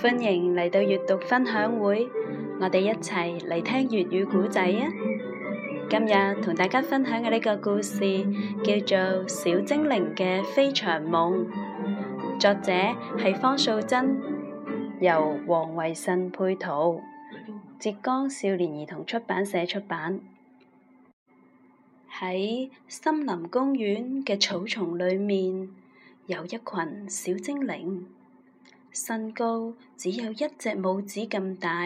歡迎嚟到閱讀分享會，我哋一齊嚟聽粵語古仔啊！今日同大家分享嘅呢個故事叫做《小精靈嘅非常夢》，作者係方素珍，由王維信配圖，浙江少年兒童出版社出版。喺森林公園嘅草叢裏面，有一群小精靈。身高只有一隻拇指咁大，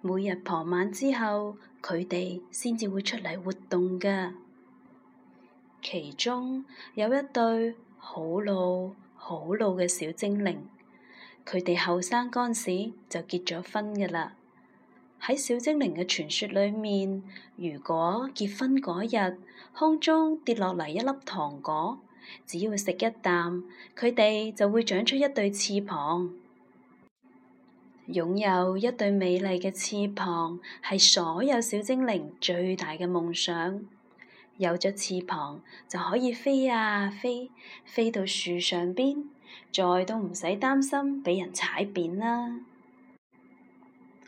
每日傍晚之後佢哋先至會出嚟活動㗎。其中有一對好老好老嘅小精靈，佢哋後生嗰陣時就結咗婚㗎啦。喺小精靈嘅傳說裡面，如果結婚嗰日空中跌落嚟一粒糖果，只要食一啖，佢哋就會長出一對翅膀，擁有一對美麗嘅翅膀，係所有小精靈最大嘅夢想。有咗翅膀就可以飛呀、啊、飛，飛到樹上邊，再都唔使擔心俾人踩扁啦。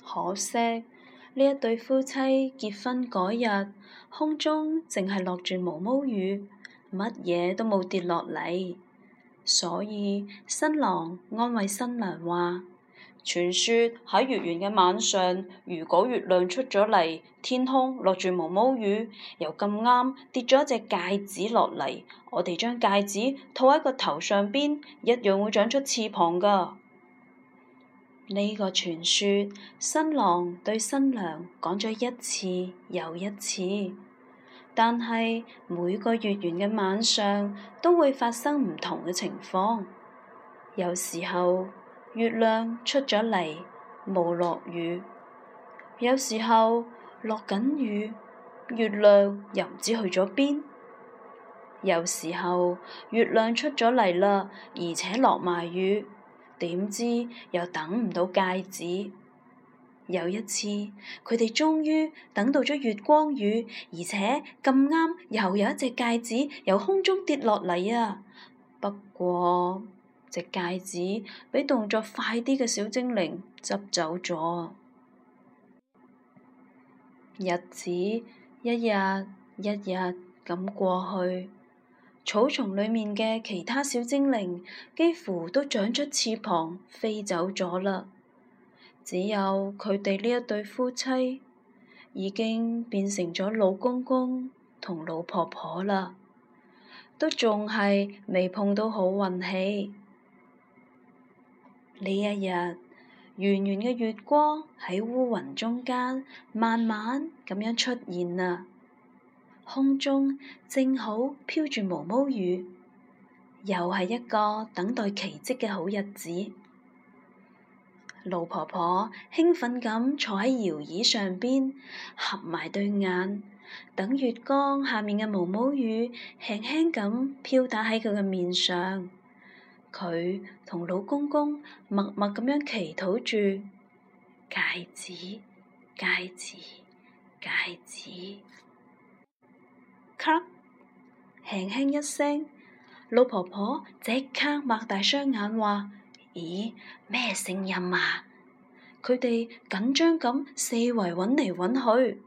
可惜呢一對夫妻結婚嗰日，空中淨係落住毛毛雨。乜嘢都冇跌落嚟，所以新郎安慰新娘話傳說喺月圓嘅晚上，如果月亮出咗嚟，天空落住毛毛雨，又咁啱跌咗一隻戒指落嚟，我哋將戒指套喺個頭上邊，一樣會長出翅膀噶。呢個傳說，新郎對新娘講咗一次又一次。但係每個月圓嘅晚上都會發生唔同嘅情況，有時候月亮出咗嚟冇落雨，有時候落緊雨，月亮又唔知去咗邊，有時候月亮出咗嚟啦，而且落埋雨，點知又等唔到戒指。有一次，佢哋終於等到咗月光雨，而且咁啱又有一隻戒指由空中跌落嚟啊！不過，隻戒指俾動作快啲嘅小精靈執走咗。日子一日一日咁過去，草叢裡面嘅其他小精靈幾乎都長出翅膀飛走咗啦。只有佢哋呢一對夫妻已經變成咗老公公同老婆婆啦，都仲係未碰到好運氣。呢一日圓圓嘅月光喺烏雲中間慢慢咁樣出現啦，空中正好飄住毛毛雨，又係一個等待奇蹟嘅好日子。老婆婆興奮咁坐喺搖椅上邊，合埋對眼，等月光下面嘅毛毛雨輕輕咁飄打喺佢嘅面上。佢同老公公默默咁樣祈禱住戒指，戒指，戒指。咔，輕輕一聲，老婆婆即刻擘大雙眼話。咦，咩聲音啊？佢哋緊張咁四圍揾嚟揾去。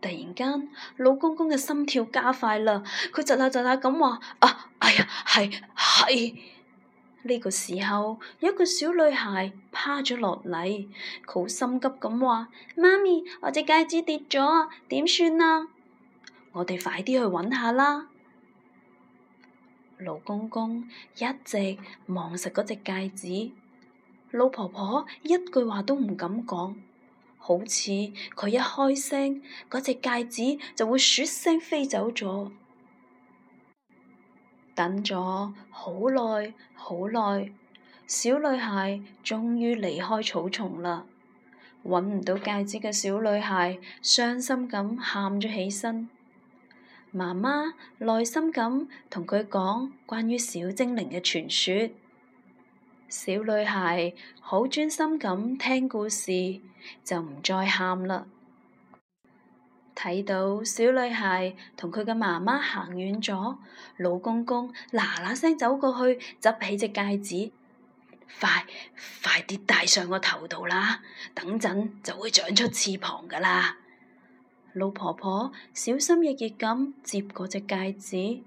突然間，老公公嘅心跳加快啦，佢窒下窒下咁話：啊，哎呀，係係。呢個時候，有一個小女孩趴咗落嚟，好心急咁話：媽咪，我隻戒指跌咗，點算啊？我哋快啲去揾下啦。老公公一直望實嗰隻戒指，老婆婆一句話都唔敢講，好似佢一開聲，嗰隻戒指就會説聲飛走咗。等咗好耐好耐，小女孩終於離開草叢啦。揾唔到戒指嘅小女孩，傷心咁喊咗起身。媽媽耐心咁同佢講關於小精靈嘅傳說，小女孩好專心咁聽故事，就唔再喊啦。睇到小女孩同佢嘅媽媽行遠咗，老公公嗱嗱聲走過去，執起隻戒指，快快啲戴上個頭度啦！等陣就會長出翅膀㗎喇。老婆婆小心翼翼咁接嗰隻戒指，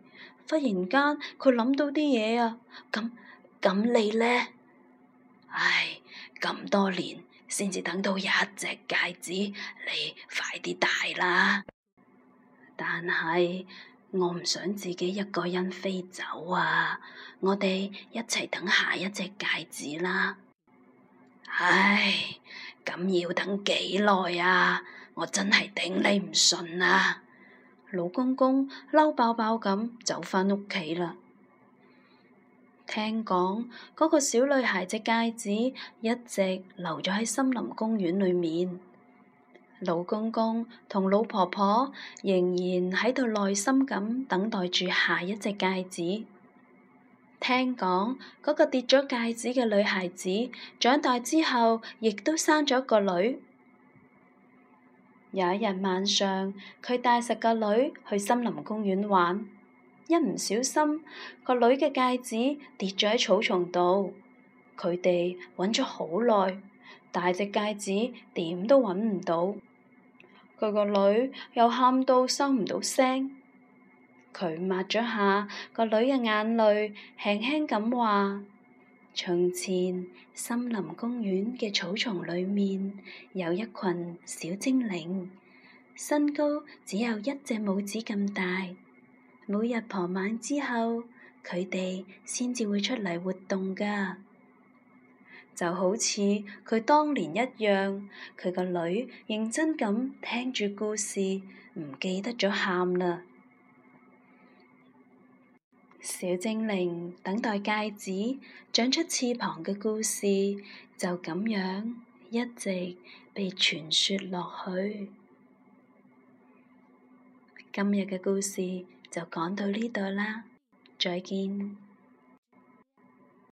忽然間佢諗到啲嘢啊！咁咁你呢？唉，咁多年先至等到一隻戒指，你快啲戴啦！但係我唔想自己一個人飛走啊！我哋一齊等下一隻戒指啦！唉，咁要等幾耐啊？我真係頂你唔順啊！老公公嬲爆爆咁走返屋企啦。聽講嗰個小女孩隻戒指一直留咗喺森林公園裏面。老公公同老婆婆仍然喺度耐心咁等待住下一隻戒指。聽講嗰個跌咗戒指嘅女孩子長大之後，亦都生咗個女。有一日晚上，佢帶實個女去森林公園玩，一唔小心個女嘅戒指跌咗喺草叢度。佢哋揾咗好耐，大隻戒指點都揾唔到。佢個女又喊到收唔到聲，佢抹咗下個女嘅眼淚，輕輕咁話。從前，森林公園嘅草叢裏面有一群小精靈，身高只有一隻拇指咁大。每日傍晚之後，佢哋先至會出嚟活動㗎。就好似佢當年一樣，佢個女認真咁聽住故事，唔記得咗喊啦。小精靈等待戒指長出翅膀嘅故事就咁樣一直被傳說落去。今日嘅故事就講到呢度啦，再見。